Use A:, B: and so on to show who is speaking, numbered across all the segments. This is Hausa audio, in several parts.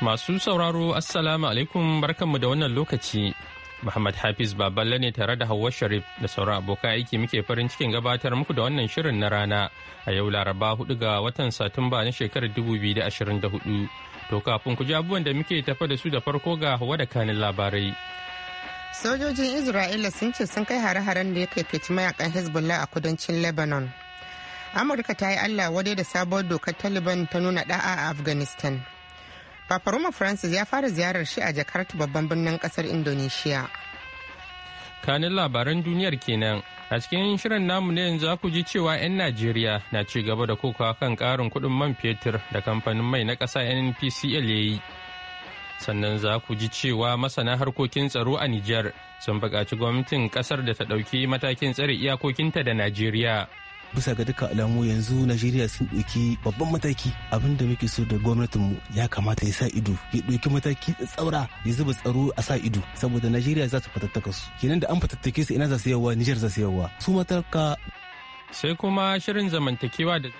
A: Masu sauraro Assalamu alaikum barkanmu da wannan lokaci. Muhammad Hafiz Baballe ne tare da Hauwa Sharif da sauran abokan aiki muke farin cikin gabatar muku da wannan shirin na rana a yau Laraba 4 ga watan Satumba na shekarar 2024. To kafin ku ji abubuwan da muke tafa da su da farko ga Hauwa da kanin labarai.
B: Sojojin Isra'ila sun ce sun kai hare-haren da ya kai fici mayakan Hezbollah a kudancin Lebanon. Amurka ta yi Allah wadai da sabuwar dokar Taliban ta nuna da'a a Afghanistan. Papa Roma Francis ya fara ziyarar shi a Jakarta babban birnin kasar Indonesia.
A: Kanin labaran duniyar kenan a cikin shirin namu ne yanzu ku ji cewa 'yan Najeriya na ci gaba da kokawa kan karin kuɗin man fetur da kamfanin mai na ƙasa NPCL ya yi. Sannan za ku ji cewa masana harkokin tsaro a Nijar sun buƙaci gwamnatin ƙasar da ta ɗauki matakin tsare iyakokinta da Najeriya.
C: bisa ga duka alamu yanzu najeriya sun ɗauki babban mataki abin da muke so da gwamnatinmu ya kamata ya sa ido ya ɗauki mataki tsaura ya zuba tsaro a sa ido saboda najeriya za su fatattaka su kenan da an fatattake su ina za su yawa nijar za su yawa su matarka
A: sai kuma shirin zamantakewa da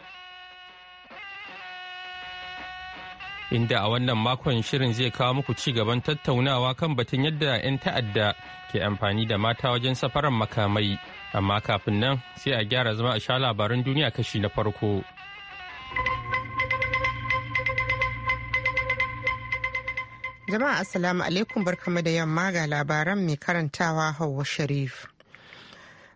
A: inda a wannan makon shirin zai kawo muku ci gaban tattaunawa kan batun yadda 'yan ta'adda ke amfani da mata wajen safaran makamai amma kafin nan sai a gyara zama a sha labaran duniya kashi na farko.
B: Jama'a Assalamu alaikum barkamu da yamma ga labaran mai karantawa Hauwa Sharif.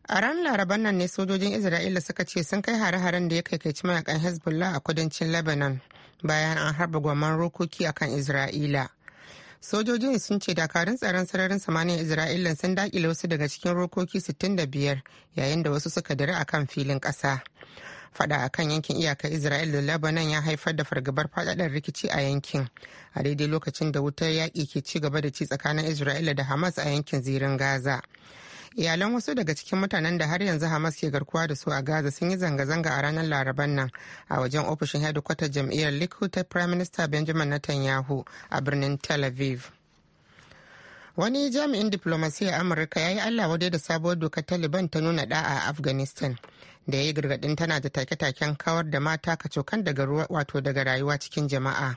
B: A ran laraban nan ne sojojin Isra'ila suka ce sun kai hare-haren da ya kaikaici mayakan Hezbollah a kudancin Lebanon bayan an harba gwamman rokoki akan Isra'ila. sojojin sun ce dakarun tsaron sararin samaniyar isra'ila sun dakile wasu daga cikin rokoki 65 yayin da wasu suka dare akan filin ƙasa fada a kan yankin iyakar isra'il da lebanon ya haifar da fargabar fadadar rikici a yankin a daidai lokacin da wutar yaƙi ke ci gaba da ci tsakanin isra'ila da hamas a yankin zirin gaza iyalan wasu daga cikin mutanen da har yanzu hamas ke garkuwa da su a gaza sun yi zanga-zanga a ranar laraban nan a wajen ofishin hedikwatar jam'iyyar likud ta prime minister benjamin netanyahu a birnin tel aviv wani jami'in diplomasiyyar amurka ya yi allah wadai da sabuwar dokar taliban ta nuna da'a a afghanistan da ya yi gargadin tana da take-taken kawar da mata kacokan daga wato daga rayuwa cikin jama'a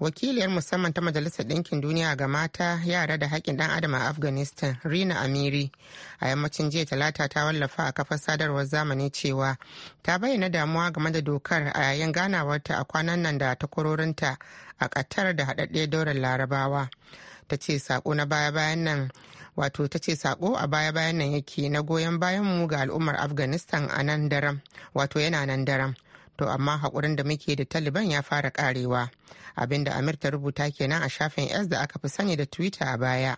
B: wakiliyar musamman ta majalisar ɗinkin duniya ga mata yara da haƙƙin ɗan adam a afghanistan rina amiri a yammacin jiya talata ta wallafa a kafar sadarwar zamani cewa ta bayyana damuwa game da dokar a yayin ganawarta a kwanan nan da takwarorinta a katar da haɗaɗɗiyar daular larabawa ta ce sako na baya-bayan nan wato ta ce sako a baya-bayan nan yake na goyon bayan mu ga al'ummar afghanistan a nan daram wato yana nan daram to amma haƙurin da muke da taliban ya fara karewa abinda amir ta rubuta kenan a shafin s da aka fi sani da twitter a baya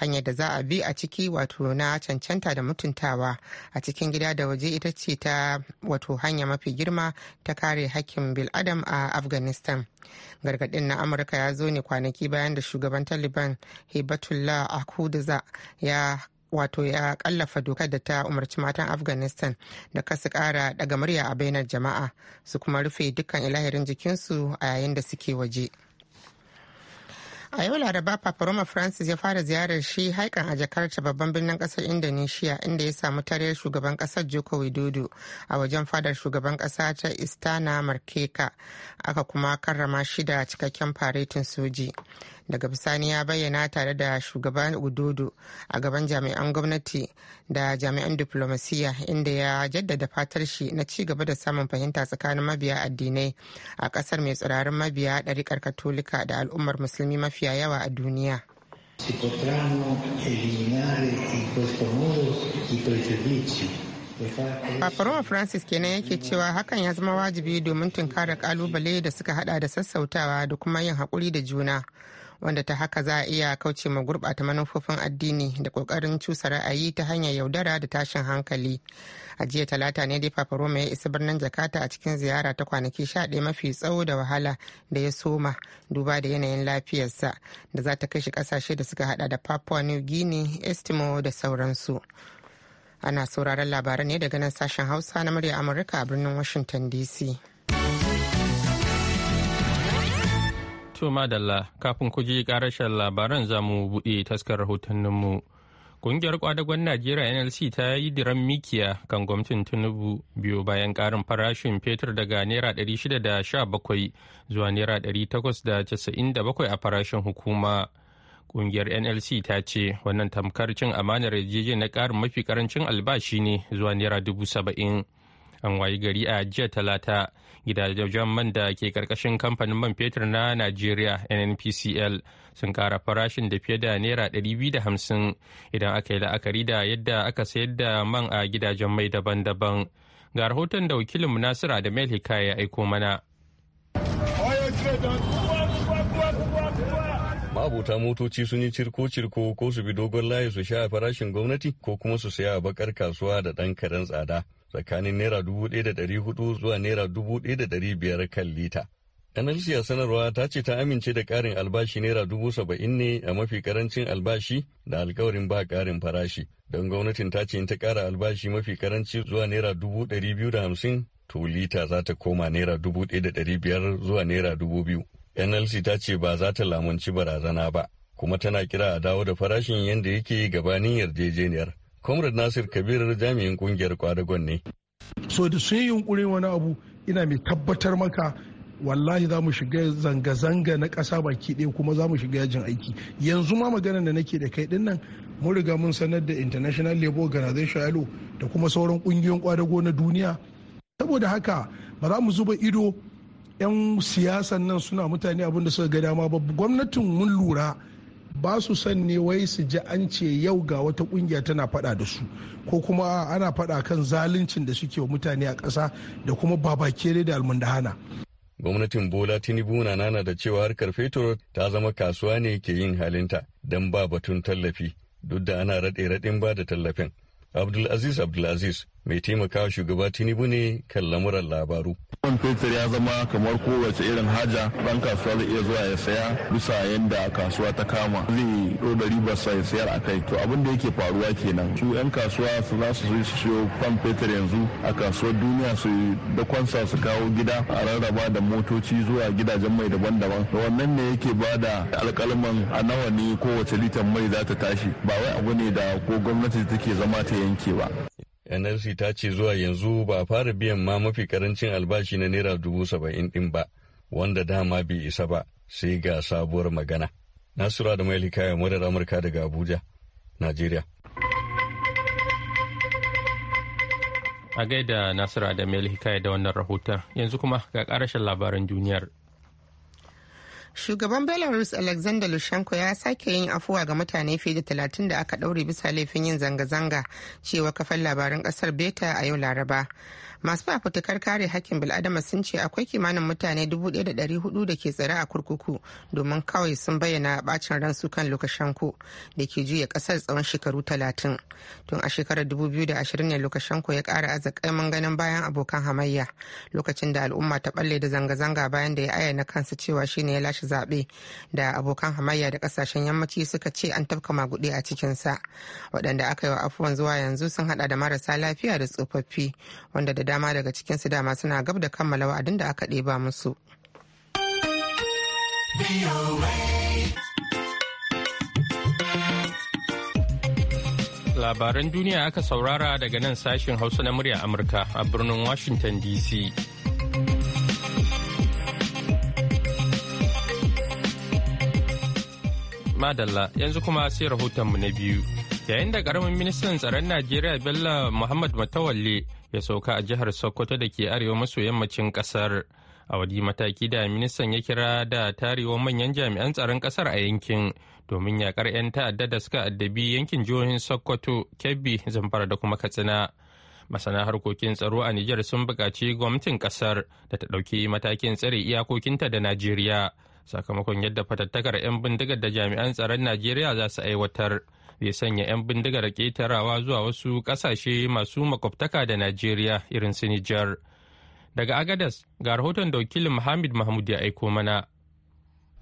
B: hanyar da za a bi a ciki wato na cancanta da mutuntawa a cikin gida da waje ita ce ta wato hanya mafi girma ta kare hakkin biladam a afghanistan gargadin na amurka ya zo ne kwanaki bayan da shugaban taliban hibatullah akuduza ya wato ya kallafa dokar da ta umarci matan afghanistan da kasu kara daga murya a bainar jama'a su kuma rufe dukkan ilahirin jikinsu a yayin da suke waje a yau laraba papa roma francis ya fara ziyarar shi haikan a jakarta babban birnin kasar indonesia inda ya samu tarayyar shugaban kasar joko widodo a wajen fadar shugaban kasa ta istana markeka aka kuma karrama shi da cikakken faretin soji daga bisani ya bayyana tare da shugaban ududu a gaban jami'an gwamnati da jami'an diplomasiya inda ya jaddada fatar shi na ci gaba da samun fahimta tsakanin mabiya addinai a kasar mai tsirarin mabiya ɗarikar katolika da al'ummar musulmi mafiya yawa a duniya
D: si potranno
B: Francis kenan yake cewa hakan ya zama wajibi domin tunkara kalubale da suka hada da sassautawa da kuma yin haƙuri da juna wanda ta haka za a iya kauce ma gurɓata manufofin addini da ƙoƙarin cusa ra'ayi ta hanyar yaudara da tashin hankali a jiya talata ne dai paparoma ya isa birnin jakarta a cikin ziyara ta kwanaki sha ɗaya mafi tsawo da wahala da ya soma duba da yanayin lafiyarsa da za ta kai shi ƙasashe da suka hada da papua new guinea estimo da sauransu ana sauraron labaran ne daga nan sashen hausa na murya amurka a birnin washington dc
A: To madalla kafin ku ji karashen labaran za mu buɗe taskar rahotanninmu. Kungiyar kwadagon Najeriya NLC ta yi diran mikiya kan gwamnatin Tinubu biyo bayan ƙarin farashin fetur daga Naira 617 zuwa Naira 897 a farashin hukuma. Kungiyar NLC ta ce wannan tamkar cin amanar yarjejeniyar na ƙarin mafi ƙarancin albashi ne zuwa Naira saba'in. an wayi gari a jiya talata gidajen man da ke karkashin kamfanin man fetur na nigeria nnpcl sun kara farashin da fiye da naira 250 idan aka yi la'akari da yadda aka sayar da man a gidajen mai daban-daban ga rahoton da wakilin nasira da mail ya aiko mana
E: ma'abuta motoci sun yi cirko-cirko ko su bi dogon layi su sha farashin gwamnati ko kuma su saya a bakar kasuwa da ɗan karen tsada tsakanin naira dubu ɗaya da ɗari hudu zuwa naira dubu ɗaya da ɗari biyar kan lita. NLC a sanarwa ta ce ta amince da ƙarin albashi naira dubu saba'in ne a mafi karancin albashi da alkawarin ba ƙarin farashi. Don gwamnatin ta ce in ta ƙara albashi mafi karanci zuwa naira dubu ɗari biyu da hamsin to lita za ta koma naira dubu ɗaya da ɗari biyar zuwa naira dubu biyu. NLC ta ce ba za ta lamunci barazana ba kuma tana kira a dawo da farashin yadda yake gabanin yarjejeniyar. Comrade Nasir Kabir jami'in kungiyar kwadagon ne.
A: So da su yi yunkurin wani abu ina mai tabbatar maka wallahi za mu shiga zanga-zanga na ƙasa baki ɗaya kuma za mu shiga yajin aiki yanzu ma maganar da nake da kai ɗin nan mun riga mun sanar da international labour organization ilo da kuma sauran ƙungiyoyin kwadago na duniya saboda haka ba za mu zuba ido 'yan siyasan nan suna mutane abin da suka ga dama ba gwamnatin mun lura ba su son ne wai su ji an ce yau ga wata kungiya tana fada da su ko kuma ana fada kan zaluncin da suke wa mutane a ƙasa da kuma babakere da almundahana.
E: gwamnatin bola tinubu na nana da cewa harkar fetur ta zama kasuwa ne ke yin halinta don ba batun tallafi duk da ana raɗe raɗin ba da tallafin abdulaziz abdulaziz mai taimakawa shugaba tinubu ne kan lamuran labaru.
F: man fetur ya zama kamar kowace irin haja ɗan kasuwa zai iya zuwa ya saya bisa yadda kasuwa ta kama zai ribar sa ya sayar a kai to abin da yake faruwa kenan su 'yan kasuwa su za su su siyo man fetur yanzu a kasuwar duniya su da kwansa su kawo gida a rarraba da motoci zuwa gidajen mai daban-daban wannan ne yake ba da alƙalman a nawa ne kowace litan mai za ta tashi ba wai abu ne da ko gwamnati take zama ta yanke ba.
E: nlc ta ce zuwa yanzu ba a fara biyan ma mafi karancin albashi na naira dubu saba'in din ba wanda dama bai isa ba sai ga sabuwar magana nasura da mai kaya murar amurka daga abuja najeriya
A: a gaida nasiru da hikaya da wannan rahoton yanzu kuma ga karashen labaran duniyar
B: shugaban belarus alexander lushenko ya sake yin afuwa ga mutane fiye da talatin da aka daure bisa laifin yin zanga-zanga cewa kafan labaran kasar beta a yau laraba masu fafutukar kare hakkin bil'adama sun ce akwai kimanin mutane 1,400 da ke tsare a kurkuku domin kawai sun bayyana bacin ransu kan lukashenko da ke juya kasar tsawon shekaru 30 tun a shekarar 2020 ne lukashenko ya kara azakaiman ganin bayan abokan hamayya lokacin da al'umma ta balle da zanga-zanga bayan da ya ayyana kansa cewa shine ya lashe zaɓe da abokan hamayya da kasashen yammaci suka ce an tafka maguɗi a cikinsa waɗanda aka yi wa afuwan zuwa yanzu sun hada da marasa lafiya da tsofaffi wanda da dama daga cikinsu dama suna gab da kammala wa'adin da aka ɗeba musu.
A: Labaran duniya aka saurara daga nan sashen Hausa na murya Amurka a birnin Washington DC. Madalla yanzu kuma sai rahotonmu na biyu. Yayin da ƙaramin ministan tsaron Najeriya Bello Muhammad Matawalle ya sauka a jihar Sokoto da ke arewa maso yammacin kasar. A wadi mataki da ministan ya kira da tarewa manyan jami'an tsaron kasar a yankin domin yakar 'yan ta'adda da suka addabi yankin jihohin Sokoto, Kebbi, Zamfara da kuma Katsina. Masana harkokin tsaro a Nijar sun buƙaci gwamnatin kasar da ta ɗauki matakin tsare iyakokinta da Najeriya sakamakon yadda fatattakar 'yan bindigar da jami'an tsaron Najeriya za su aiwatar. zai sanya 'yan bindigar ƙetarawa zuwa wasu ƙasashe masu makwabtaka da Najeriya irin su Nijar. Daga Agadas ga rahoton da wakilin Muhammad Mahmud ya aiko mana.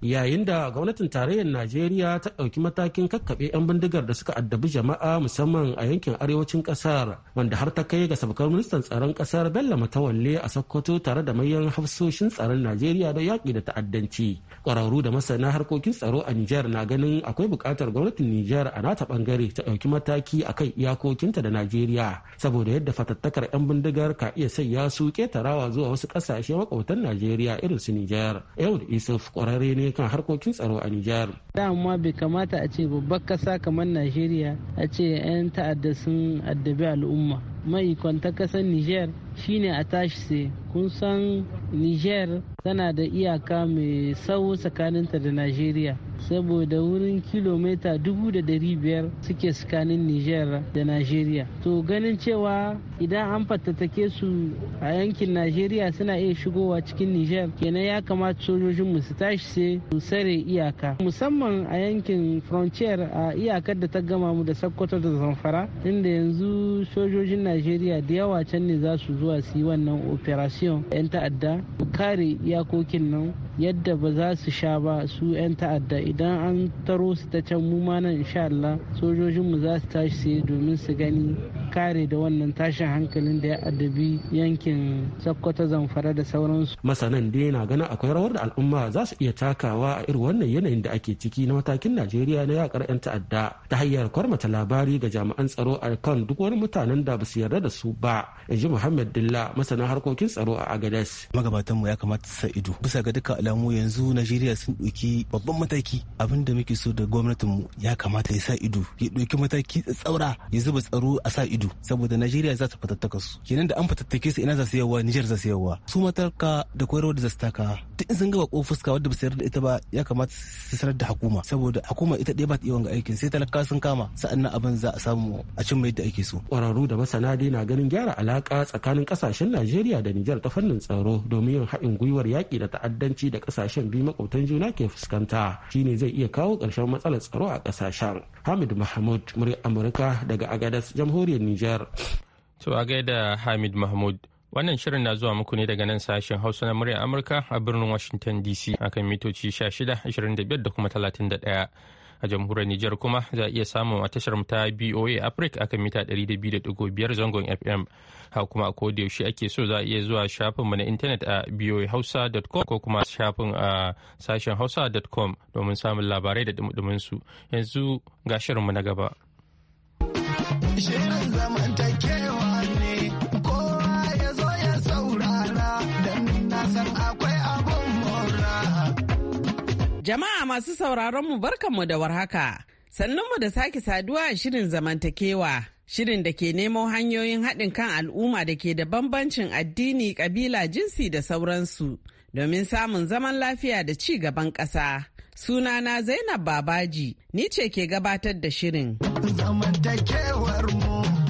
C: yayin da gwamnatin tarayyar najeriya ta ɗauki matakin kakkaɓe 'yan bindigar da suka addabi jama'a musamman a yankin arewacin ƙasar wanda har ta kai ga sabkar ministan tsaron ƙasar bello matawalle a sokoto tare da mayan hafsoshin tsaron najeriya da yaƙi da ta'addanci ƙwararru da masana harkokin tsaro a nijar na ganin akwai buƙatar gwamnatin nijar a nata ɓangare ta ɗauki mataki a kan iyakokinta da najeriya saboda yadda fatattakar 'yan bindigar ka iya sanya su ƙetarawa zuwa wasu ƙasashe makwabtan najeriya irin su nijar yau da isuf ƙwararre ne kan harkokin tsaro a Nijar.
D: Dama bai kamata a ce babbar kasa kamar Najeriya a ce 'yan ta'adda sun addabi al'umma. Mai kwanta kasar Nijar shine a tashi sai kun san niger tana da iyaka mai tsawo tsakaninta da najeriya saboda wurin kilomita dubu da biyar suke tsakanin niger da najeriya to ganin cewa idan an fatattake su a yankin najeriya suna iya shigowa cikin niger kenan ya kamata sojojinmu su tashi sai su sare iyaka musamman a yankin frontier a iyakar da ta gama mu da sokoto da zamfara inda yanzu sojojin najeriya da yawa can ne za su zuwa zuwa su yi wannan operation 'yan ta'adda kare iyakokin nan yadda ba za su sha ba su 'yan ta'adda idan an taro su ta can mu ma nan insha Allah sojojinmu za su tashi sai domin su gani kare da wannan tashin hankalin da ya addabi yankin sokoto zamfara da sauransu
C: masanan dai na ganin akwai rawar da al'umma za su iya takawa a irin wannan yanayin da ake ciki na matakin najeriya na yakar 'yan ta'adda ta hanyar kwarmata labari ga jami'an tsaro a kan duk wani mutanen da ba su yarda da su ba in ji muhammad dilla masanin harkokin tsaro a agades magabatanmu ya kamata sa ido bisa ga dukkan alamu yanzu najeriya sun ɗauki babban mataki abin da muke so da gwamnatinmu ya kamata ya sa ido ya ɗauki mataki tsaura ya zuba tsaro a sa ido ido saboda Najeriya za ta fatattaka su kenan da an fatattake su ina za su yawa Niger za su yawa su matarka da koyarwa da za su taka duk in sun gaba ko fuska wadda ba su da ita ba ya kamata su sanar da hukuma saboda hukuma ita ɗaya ba ta iya wanga aikin sai talaka sun kama sa'annan abin za a samu a cin mai da ake so kwararru da masana dai na ganin gyara alaka tsakanin kasashen Najeriya da nijar ta fannin tsaro domin yin haɗin gwiwar yaƙi da ta'addanci da kasashen biyu makwabtan juna ke fuskanta shine zai iya kawo ƙarshen matsalar tsaro a kasashen Hamid Mahmud murya Amurka daga Agadas jamhuriyar Nijar.
A: To a gaida Hamid Mahmud. Wannan shirin na zuwa muku ne daga nan sashen Hausa na murya Amurka a birnin Washington DC akan mitoci 16, da kuma 31. a jamhuriyar Nijar kuma za a iya samun a tashar mu ta BOA Africa akan mita 200.5 zangon FM. ha kuma a koda yaushe ake so za a iya zuwa shafin mu na intanet a boahausa.com ko kuma shafin a sashen hausa.com domin samun labarai da dumudumin su. Yanzu ga mu na gaba.
G: Jama'a masu sauraron mu barkanmu da warhaka. Sannunmu da sake saduwa a shirin zamantakewa. Shirin da ke nemo hanyoyin haɗin kan al'umma da ke da bambancin addini, ƙabila, jinsi da sauransu domin samun zaman lafiya da ci gaban ƙasa. Sunana Zainab Babaji, ni ce ke gabatar da shirin.
H: Zamantakewar mu.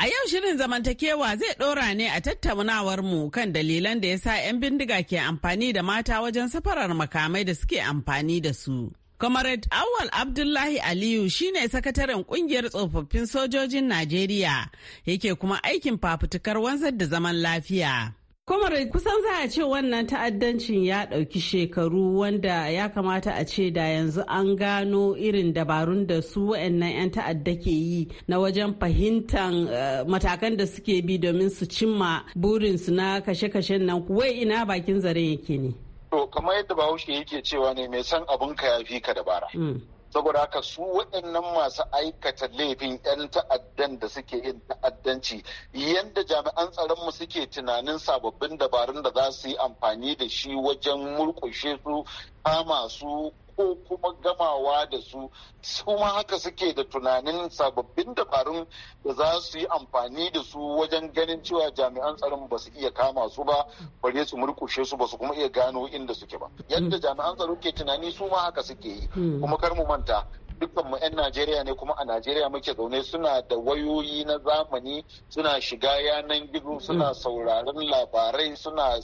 G: A yau shirin zamantakewa zai ɗora ne a tattaunawar mu kan dalilan da ya sa 'yan bindiga ke amfani da mata wajen safarar makamai da suke amfani da su. Comrade Awal Abdullahi Aliyu shine sakataren ƙungiyar tsofaffin sojojin Najeriya yake kuma aikin fafutukar wanzar da zaman lafiya. Kwamarai kusan za a ce wannan ta'addancin ya ɗauki shekaru wanda ya kamata a ce da yanzu an gano irin dabarun da su wa'annan 'yan ta'adda ke yi na wajen fahimtan eh, matakan da suke bi domin su cimma burinsu na kashe-kashen nan wai ina bakin zaren yake ne.
F: To kamar yadda bahaushe yake cewa ne mai san abun ka ya fi ka dabara. Hmm. saboda haka su waɗannan masu aikata laifin 'yan ta'addan da suke yin ta'addanci yadda jami'an tsaronmu suke tunanin sababbin dabarun da za su yi amfani da shi wajen murƙushe su kama su ko kuma gamawa da su su ma haka suke da tunanin sababbin dabarun da za su yi amfani da su wajen ganin cewa jami'an tsaron ba su iya kama su ba bare su murkushe su ba su kuma iya gano inda suke ba yadda jami'an tsaro ke tunani su ma haka suke yi hmm. kuma kar mu manta dukkan mu 'yan Najeriya ne kuma a Najeriya muke zaune suna da wayoyi na zamani suna shiga yanan gizo suna mm. sauraron labarai suna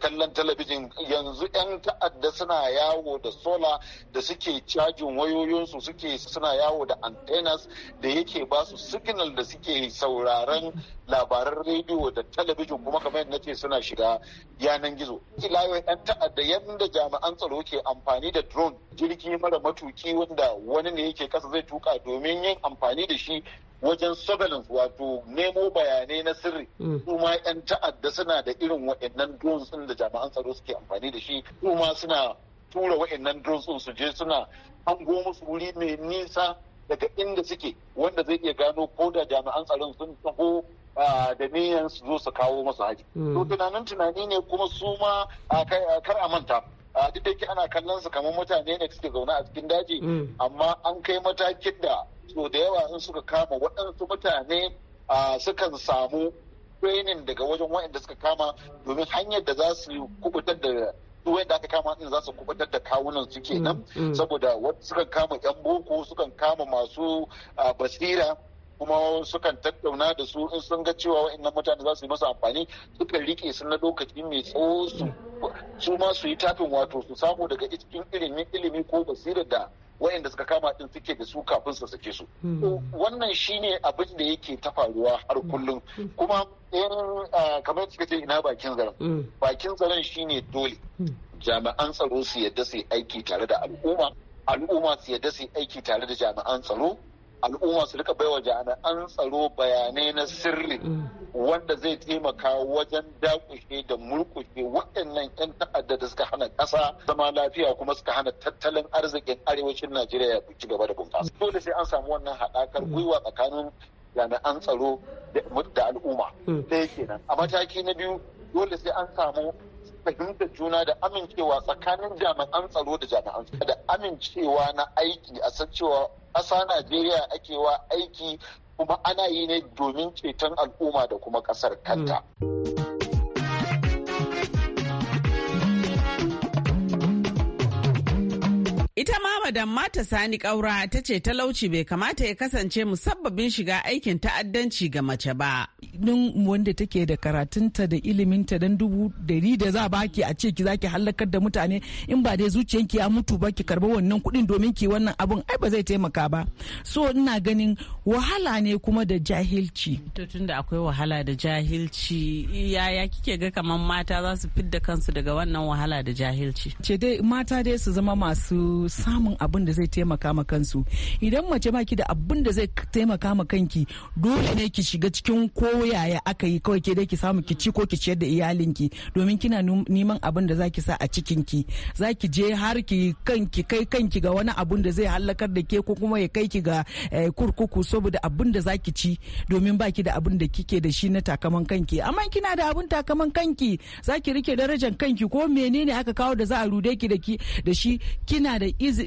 F: kallon talabijin yanzu 'yan ta'adda suna yawo da sola da suke cajin wayoyinsu suke suna yawo da antennas da yake ba su signal da suke sauraron labaran rediyo da talabijin kuma kamar yadda ce suna shiga yanan gizo. Ila 'yan ta'adda yadda jami'an tsaro ke amfani da drone jirgi mara matuki wanda wani ne yake kasa zai tuka domin yin amfani da shi wajen surveillance wato nemo bayanai na sirri mm. su 'yan ta'adda suna da irin wa'annan drones ɗin da jami'an tsaro suke amfani da shi su ma suna tura wa'annan drones ɗin su je suna hango musu wuri mai nisa daga inda suke wanda zai iya gano ko da jami'an tsaron sun taho da niyan su zo su kawo masu haji. Mm. To tunanin tunani ne kuma su ma kar a manta duk da ke ana kallon su kamar mutane ne suke zaune a cikin daji mm. amma an kai matakin da so da yawa in suka kama waɗansu mutane a sukan samu training daga wajen waɗanda suka kama domin hanyar da za su kubutar da duwayen da aka kama din za su kubutar da kawunan su kenan mm. Mm. saboda sukan kama yan boko sukan kama masu basira kuma sukan tattauna da su in sun ga cewa wa'annan mutane za su yi masa amfani sukan rike su na lokaci mai tsawo su ma su yi tafin wato su samu daga cikin ilimin ilimi ko basirar da wa'anda suka kama din suke da su kafin su sake su hmm. wannan shine abin da yake ta faruwa har hmm. kullum hmm. kuma kamar suka ce ina bakin zaren bakin zaren shine dole jami'an tsaro su yadda su aiki tare da al'umma al'umma su yadda su aiki tare da jami'an tsaro al'umma su rika baiwa jami'an tsaro bayanai na sirri mm. wanda zai taimaka wajen dakushe da murkushe waɗannan 'yan ta'adda da suka hana ƙasa zama lafiya kuma suka hana tattalin arzikin arewacin najeriya ya ci gaba da bunƙasa dole sai an samu wannan haɗakar mm. gwiwa tsakanin jami'an tsaro da al'umma
D: mm.
H: ɗaya
F: kenan a mataki na biyu dole sai an samu fahimtar juna da amincewa tsakanin jami'an tsaro da jami'an tsaro da amincewa na aiki a san cewa ƙasa Najeriya ake wa aiki kuma ana yi ne domin ceton al'umma da kuma ƙasar kanta.
G: Ita ma Madam Mata Sani ƙaura ta ce talauci bai kamata ya kasance musabbabin shiga aikin ta'addanci ga mace ba. din wanda take da
I: karatunta da iliminta dan dubu dari da za baki a ce ki zaki hallakar da mutane in ba dai zuciyanki ya mutu ba ki karba wannan kuɗin domin ki wannan abun ai ba zai taimaka ba so ina ganin wahala ne kuma da jahilci
G: to tunda akwai wahala da jahilci yaya kike ga kaman mata za su fidda kansu daga wannan wahala da jahilci
I: ce dai mata dai su zama masu samun abin da zai taimaka ma kansu idan mace ba ki da abin da zai taimaka ma kanki dole ne ki shiga cikin kowa yaya aka yi kawai ke dai ki samu ki ci ko ki ciyar da iyalinki domin kina neman abin da zaki sa a cikinki zaki je har ki kanki kai kanki ga wani abun da zai hallakar da ke ko kuma ya kai ki ga eh, kurkuku saboda abin da zaki ci domin baki da abin da kike da shi na takaman kanki amma kina da abin takaman kanki zaki rike darajar kanki ko menene aka kawo da za a rude ki da ki da shi kina da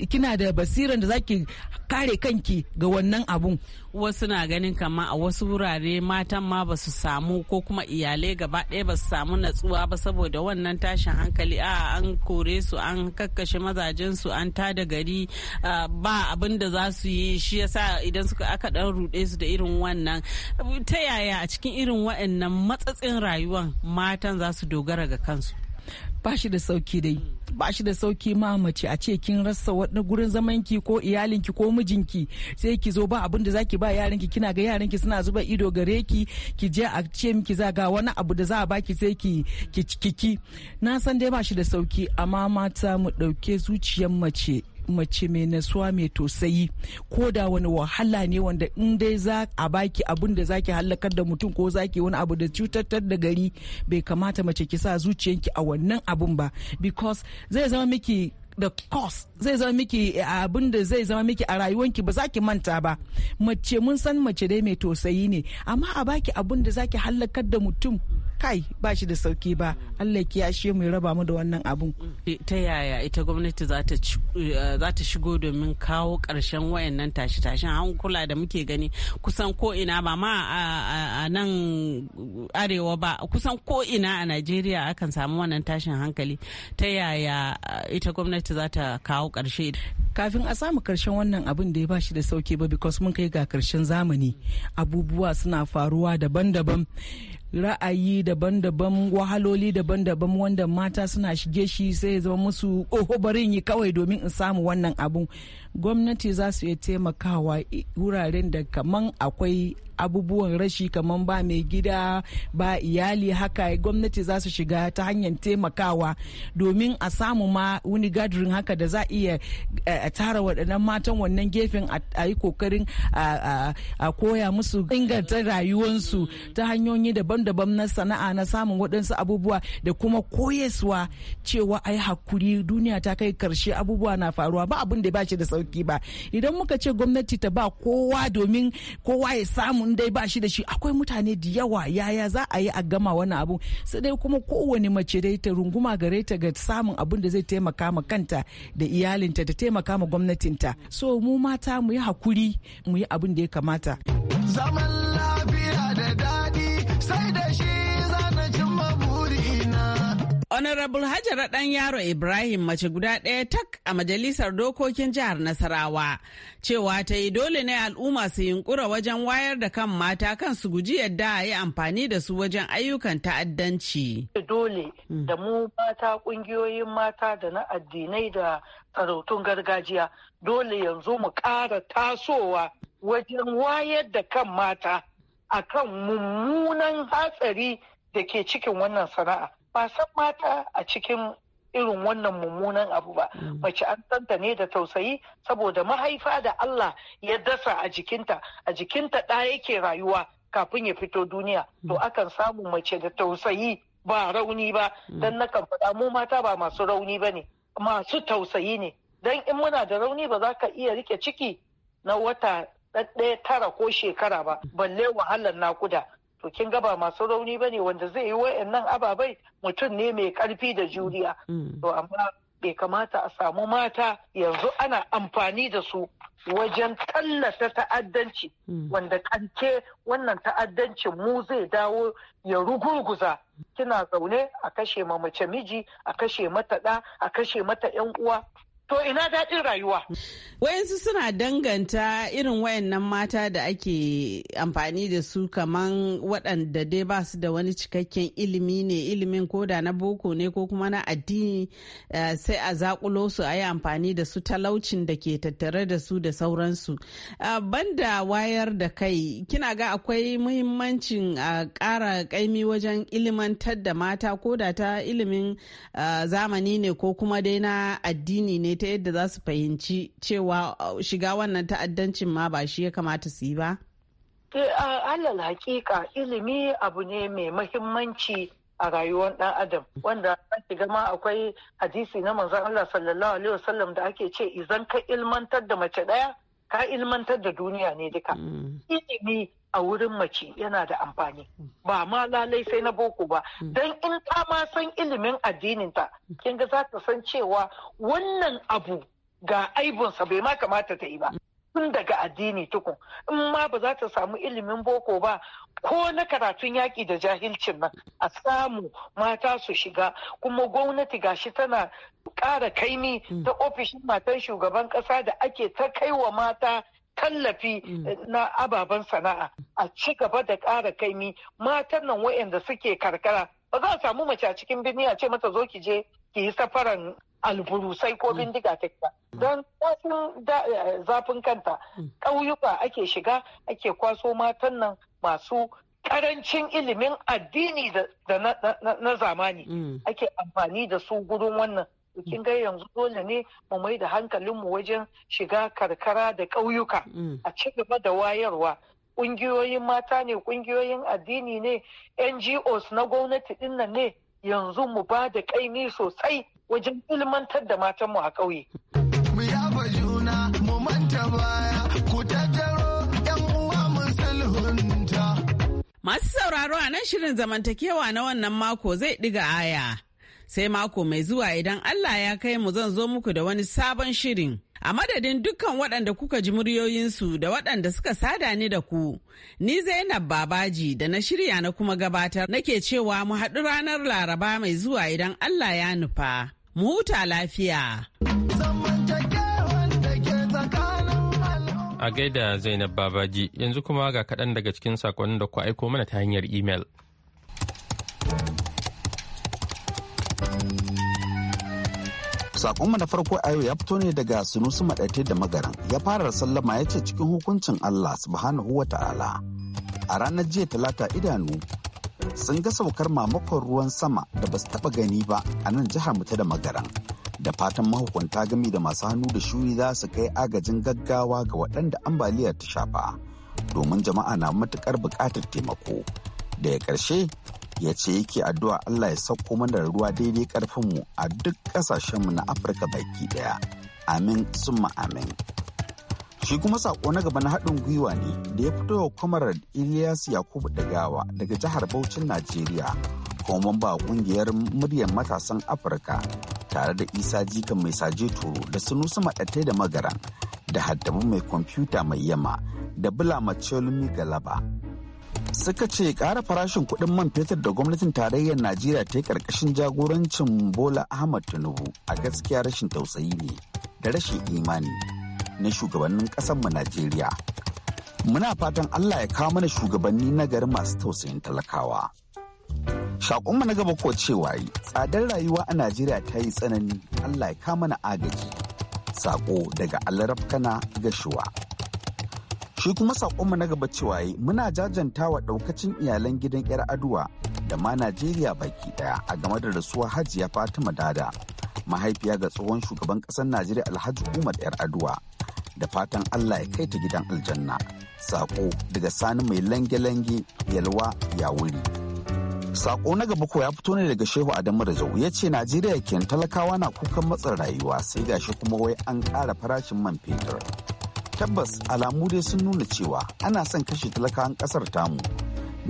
I: kina da basiran da zaki kare kanki ga wannan
G: abun wasu na ganin kama a wasu wurare matan ma ba su samu ko kuma iyalai gaba ɗaya ba su samu natsuwa ba saboda wannan tashin hankali a an kore su an kakkashe mazajen su an da gari ba abin da za su yi shi yasa idan suka aka dan ruɗe su da irin wannan ta yaya a cikin irin waɗannan matsatsin rayuwan matan za su dogara ga kansu
I: ba shi da sauki dai ba shi da sauki ma mace a ce kin rasa wani gurin zaman ki ko iyalin ki ko mijinki sai ki zo ba abin da zaki ba yaran ki kina ga yaran ki suna zuba ido gare ki ki je a ce miki za ga wani abu da za a baki sai ki ki ki na san dai ba shi da sauki amma mata mu dauke zuciyar mace mace mai nasuwa mai tosayi ko da wani wahala ne wanda in dai za a baki abin da zaki hallakar da mutum ko zaki wani abu da cutar da gari bai kamata mace ki sa zuciyanki a wannan abun ba because zai zama miki da cost zai zama miki eh, abin da zai zama miki a rayuwanki ba za ki manta ba mace mun san mace dai mai tosayi ne amma a baki abin da zaki hallakar da mutum kai ba shi da sauki ba allah kiyashe mu ya raba mu da wannan abun
G: ta yaya ita gwamnati za ta eh, shigo domin kawo karshen wayannan tashi-tashin kula da muke gani kusan ko ina ba ma a nan arewa ba kusan ko ina a najeriya akan samu wannan tashin hankali ta yaya eh, ita gwamnati za ta kawo ƙarshe
I: kafin a samu karshen wannan abun da ya bashi da sauki ba because mun kai ga karshen zamani abubuwa suna faruwa daban-daban ra'ayi daban-daban wahaloli daban-daban wanda mata suna shige shi sai ya zama musu oho barin yi kawai domin in samu wannan abun gwamnati za su iya taimakawa wuraren da kaman akwai abubuwan rashi kamar ba mai gida ba iyali haka gwamnati za su shiga ta hanyar taimakawa domin a samu ma wani gathering haka da za iya tara waɗannan matan wannan gefen a yi kokarin a koya musu inganta rayuwarsu ta hanyoyi daban-daban na sana'a na samun waɗansu abubuwa da kuma koyaswa cewa ai hakuri duniya ta kai karshe abubuwa na faruwa ba abin da ba shi da sauki ba idan muka ce gwamnati ta ba kowa domin kowa ya samu in dai ba shi da shi akwai mutane da yawa yaya za a yi a gama wannan abu sai dai kuma kowane mace dai ta runguma gare ta ga samun abin da zai taimaka ma kanta da iyalinta ta taimaka ma gwamnatinta so mu mata mu yi hakuri mu yi abin
G: da ya kamata
J: zaman lafiya da daɗi sai da shi
G: Honorable Hajara ɗan yaro Ibrahim mace guda ɗaya tak a majalisar dokokin jihar Nasarawa cewa ta yi dole ne al'umma su yunkura wajen wayar da kan mata kan su guji yadda a yi amfani da su wajen ayyukan ta'addanci.
H: Dole hmm. da mu mata ƙungiyoyin mata da na addinai da sarautun gargajiya dole yanzu mu ƙara tasowa wajen wayar da kan mata a kan mummunan hatsari da ke cikin wannan sana'a. ba san mata a cikin irin wannan mummunan abu ba mm. mace an santa ne da tausayi saboda mahaifa da Allah ya dasa a jikinta a jikinta ɗa yake rayuwa kafin ya fito duniya to mm. akan samu mace da tausayi ba rauni ba mm. don na kan faɗa mu mata ba masu rauni ba ne masu tausayi ne don in muna da rauni ba za ka iya rike ciki na wata ɗaya tara ko shekara ba balle wahalar nakuda to kin ga ba masu rauni ba bane wanda zai yi nan ababai mutum ne mai karfi da juriya mm. to amma bai kamata a samu mata yanzu ana amfani da su wajen tallata ta'addanci mm. wanda kanke wannan ta'addanci mu zai dawo ya rugurguza kina zaune a kashe ma mace miji a kashe mata ɗa a kashe mata yan uwa To ina daɗin rayuwa.
G: Wayansu suna danganta irin wayannan mata da ake amfani da su kaman waɗanda dai ba su da wani cikakken ilimi ne ilimin ko da na boko ne ko kuma na addini eh, sai a zakulo su a yi amfani da su talaucin da ke tattare da su da sauransu. Eh, Banda wayar da kai kina ga akwai muhimmancin a ƙara ƙaimi wajen ilimantar da mata ko da ta ilimin eh, zamani ne ko kuma dai na addini ne ta yadda za su fahimci cewa uh, shiga wannan ta'addancin ma ba shi ya kamata su yi ba?
H: Eh, alal hakika ilimi abu ne mai mahimmanci a rayuwar ɗan adam wanda ake gama akwai hadisi na manzon Allah sallallahu alaihi wasallam da ake ce idan ka ilmantar da mace ɗaya ka ilmantar da duniya ne duka mm. ilimi a wurin mace yana da amfani ba ma lalai sai na boko ba mm. don in ta ma san ilimin addininta mm. kin ga za ta san cewa wannan abu ga aibinsa bai ma kamata ta yi ba mm. tun daga addini tukun in ma ba za ta samu ilimin boko ba ko na karatun yaƙi da jahilcin nan a samu mata su shiga kuma gwamnati gashi tana ƙara kaimi ta ofishin matan shugaban ƙasa da ake ta kai wa mata tallafi mm. eh, na ababen sana'a a ci gaba da ƙara kaimi matan nan waɗanda suke karkara ba za a samu mace a cikin birni a ce mata zo ki je ki yi safaran alburusai ko mm. bindiga ta ba. Mm. don zafin eh, kanta ƙauyuka ake shiga ake kwaso matan nan masu karancin ilimin addini da na zamani ake amfani da su gurin wannan kin ga yanzu dole ne mu mai da hankalinmu wajen shiga karkara da ƙauyuka mm. a ci gaba da wayarwa ƙungiyoyin mata ne ƙungiyoyin addini ne ngos na gwamnati dinnan ne yanzu mu ba da ƙaimi sosai wajen ilmantar da matanmu a ƙauye.
J: Mu yaba juna mu manta baya ku tattaro
B: yan uwa mu sulhunta.
G: Masu sauraro a nan shirin zamantakewa na wannan mako zai ɗiga aya. sai mako mai zuwa idan Allah ya kai mu zan zo muku da wani sabon shirin. A madadin dukkan waɗanda kuka ji muryoyinsu da waɗanda suka sada ni da ku, ni Zainab Babaji da na shirya na kuma gabatar nake cewa mu haɗu ranar Laraba mai zuwa idan Allah ya nufa. Mu huta lafiya.
A: A gaida Zainab Babaji, yanzu kuma ga kaɗan daga cikin saƙonin da ku aiko mana ta hanyar imel. Sakonmu na
J: farko a yau ya fito ne daga Sunusu Maɗaite da Magaran. Ya fara sallama ya ce cikin hukuncin Allah subhanahu wa ta'ala. A ranar jiya talata idanu sun ga saukar mamakon ruwan sama da ba su taɓa gani ba a nan jihar mu ta da Magaran. Da fatan mahukunta gami da masu hannu da shuri za su kai agajin gaggawa ga waɗanda ambaliya ta shafa. Domin jama'a na matuƙar buƙatar taimako. Da ya ƙarshe ya ce yake addu'a Allah ya sauko mana da ruwa daidai karfinmu a duk ƙasashenmu na Afirka baki daya Amin summa amin. Shi kuma sako na gaba na haɗin gwiwa ne da ya fito wa kwamarar Ilyas Yakubu Dagawa daga jihar Bauchin Najeriya, kuma mamba ƙungiyar muryar matasan Afirka tare da Isa Jikan mai saje toro da Sunusu Maɗatai da Magaran da haddabu mai kwamfuta mai yama da Bula Macholumi Galaba suka ce ƙara farashin kuɗin man fetur da gwamnatin tarayyar najeriya ta yi ƙarƙashin jagorancin bola ahmad tinubu a gaskiya rashin tausayi ne da rashin imani na shugabannin mu najeriya muna fatan allah ya kawo mana shugabanni na gari masu tausayin talakawa shakunmu na gaba ko cewa yi, tsadar rayuwa a najeriya ta yi tsanani allah ya kawo mana agaji sako daga alarabkana gashuwa. Shi kuma saƙonmu na gaba cewa muna jajanta wa ɗaukacin iyalan gidan 'yar aduwa da ma Najeriya baki ɗaya a game da rasuwar Hajiya Fatima Dada, mahaifiya ga tsohon shugaban ƙasar Najeriya Alhaji Umar 'yar aduwa. Da fatan Allah ya kai ta gidan aljanna. Saƙo daga sani mai lange-lange yalwa ya wuri. Sako na gaba ko ya fito ne daga Shehu Adamu Rajau ya ce Najeriya ke talakawa na kukan matsin rayuwa sai gashi kuma wai an ƙara farashin man fetur. tabbas alamu dai sun nuna cewa ana son kashe talakawan kasar tamu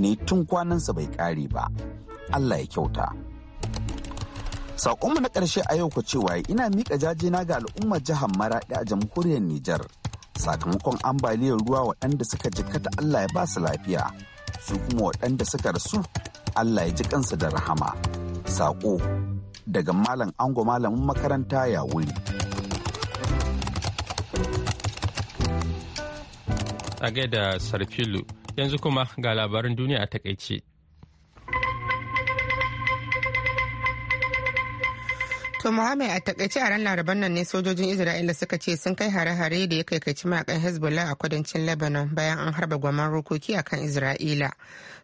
J: ne tun kwanansa bai kare ba allah ya kyauta saƙonmu na ƙarshe a yau ku cewa ina miƙa jajena ga al'ummar jihar maraɗi a jamhuriyar nijar sakamakon ambaliyar ruwa waɗanda suka jikkata allah ya ba su lafiya su kuma waɗanda suka rasu allah ya ji kansu da rahama saƙo daga malam ango malamin makaranta ya wuri
A: tsage da sarfilu yanzu kuma ga labarin duniya a takaice.
B: To Muhammad a takaice a ran laraban nan ne sojojin Isra'ila suka ce sun kai hare-hare da ya kaikaci makan Hezbollah a kudancin Lebanon bayan an harba gwaman rokoki a kan Isra'ila.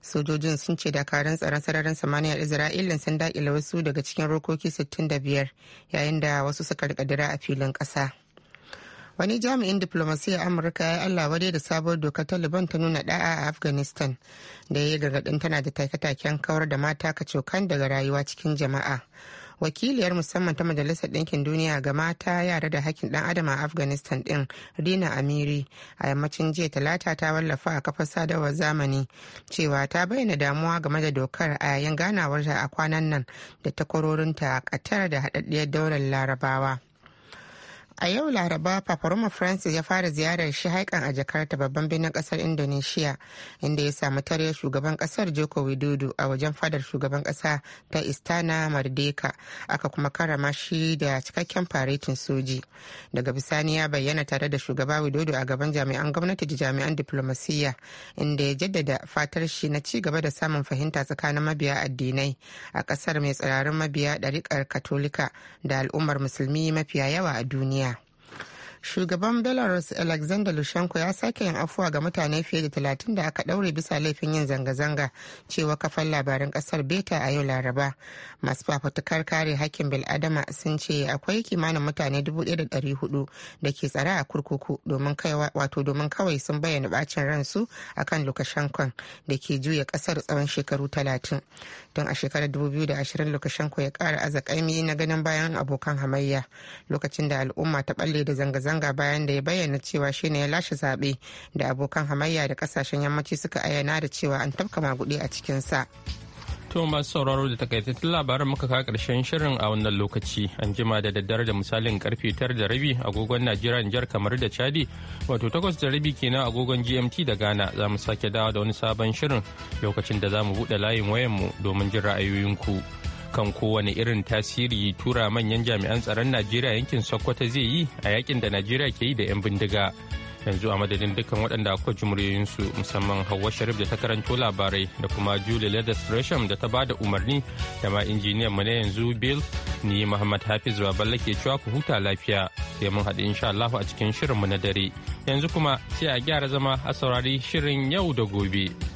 B: Sojojin sun ce dakarun tsaron sararin samaniyar Isra'ila sun daƙile wasu daga cikin rokoki 65 yayin da wasu suka dira a filin ƙasa. wani jami'in diplomasiya amurka ya allah wadai da sabuwar dokar taliban ta nuna da'a a afghanistan da ya yi gargadin tana da take-taken kawar da mata kacokan daga rayuwa cikin jama'a wakiliyar musamman ta majalisar ɗinkin duniya ga mata yara da hakkin ɗan adam a afghanistan ɗin rina amiri a yammacin jiya talata ta wallafa a kafar sadarwar zamani cewa ta bayyana damuwa game da dokar a yayin ganawarta a kwanan nan da takwarorinta a katar da haɗaɗɗiyar daular larabawa a yau laraba paparoma francis ya fara ziyarar shi haikan a jakarta babban birnin kasar indonesia inda ya samu tare shugaban kasar joko widodo a wajen fadar shugaban kasa ta istana mardeka aka kuma karama shi da cikakken faretin soji daga bisani ya bayyana tare da shugaba widodo a gaban jami'an gwamnati da jami'an diplomasiya inda ya jaddada fatar shi na ci gaba da samun fahimta tsakanin mabiya addinai a kasar mai tsirarin mabiya ɗariƙar katolika da al'ummar musulmi mafiya yawa a duniya shugaban belarus alexander lushenko ya sake yin afuwa ga mutane fiye da talatin da aka daure bisa laifin yin zanga-zanga cewa kafan labarin kasar beta a yau laraba masu fafutukar kare hakkin bil'adama sun ce akwai kimanin mutane 1,400 da ke tsare a kurkuku wato domin kawai sun bayyana bacin ransu kan lukashenkon da ke juya kasar tsawon shekaru talatin don a shekarar 2020 lukashenko ya kara azakaimi na ganin bayan abokan hamayya lokacin da al'umma ta balle da zanga-zanga zanga-zanga bayan da ya bayyana cewa shine ya lashe zaɓe da abokan hamayya da kasashen yammaci suka ayyana da cewa an tafka maguɗi a cikinsa.
A: To masu sauraro da takaitattun labaran muka kawo karshen shirin a wannan lokaci an jima da daddare da misalin karfe tara da rabi agogon Najeriya Nijar kamar da Chadi wato takwas da rabi kenan agogon GMT da Ghana za mu sake dawa da wani sabon shirin lokacin da za mu buɗe layin wayanmu domin jin ra'ayoyinku. ku. kan kowane irin tasiri tura manyan jami'an tsaron najeriya yankin sokoto zai yi a yakin da najeriya ke yi da 'yan bindiga yanzu a madadin dukkan waɗanda akwai jumuriyoyinsu musamman Hauwa sharif da ta karanto labarai da kuma julie leathers gresham da ta ba da umarni da ma injiniyan mu na yanzu bill ni muhammad hafiz Baballa ke cewa ku huta lafiya sai mun haɗu insha allahu a cikin shirin mu na dare yanzu kuma sai a gyara zama a saurari shirin yau da gobe.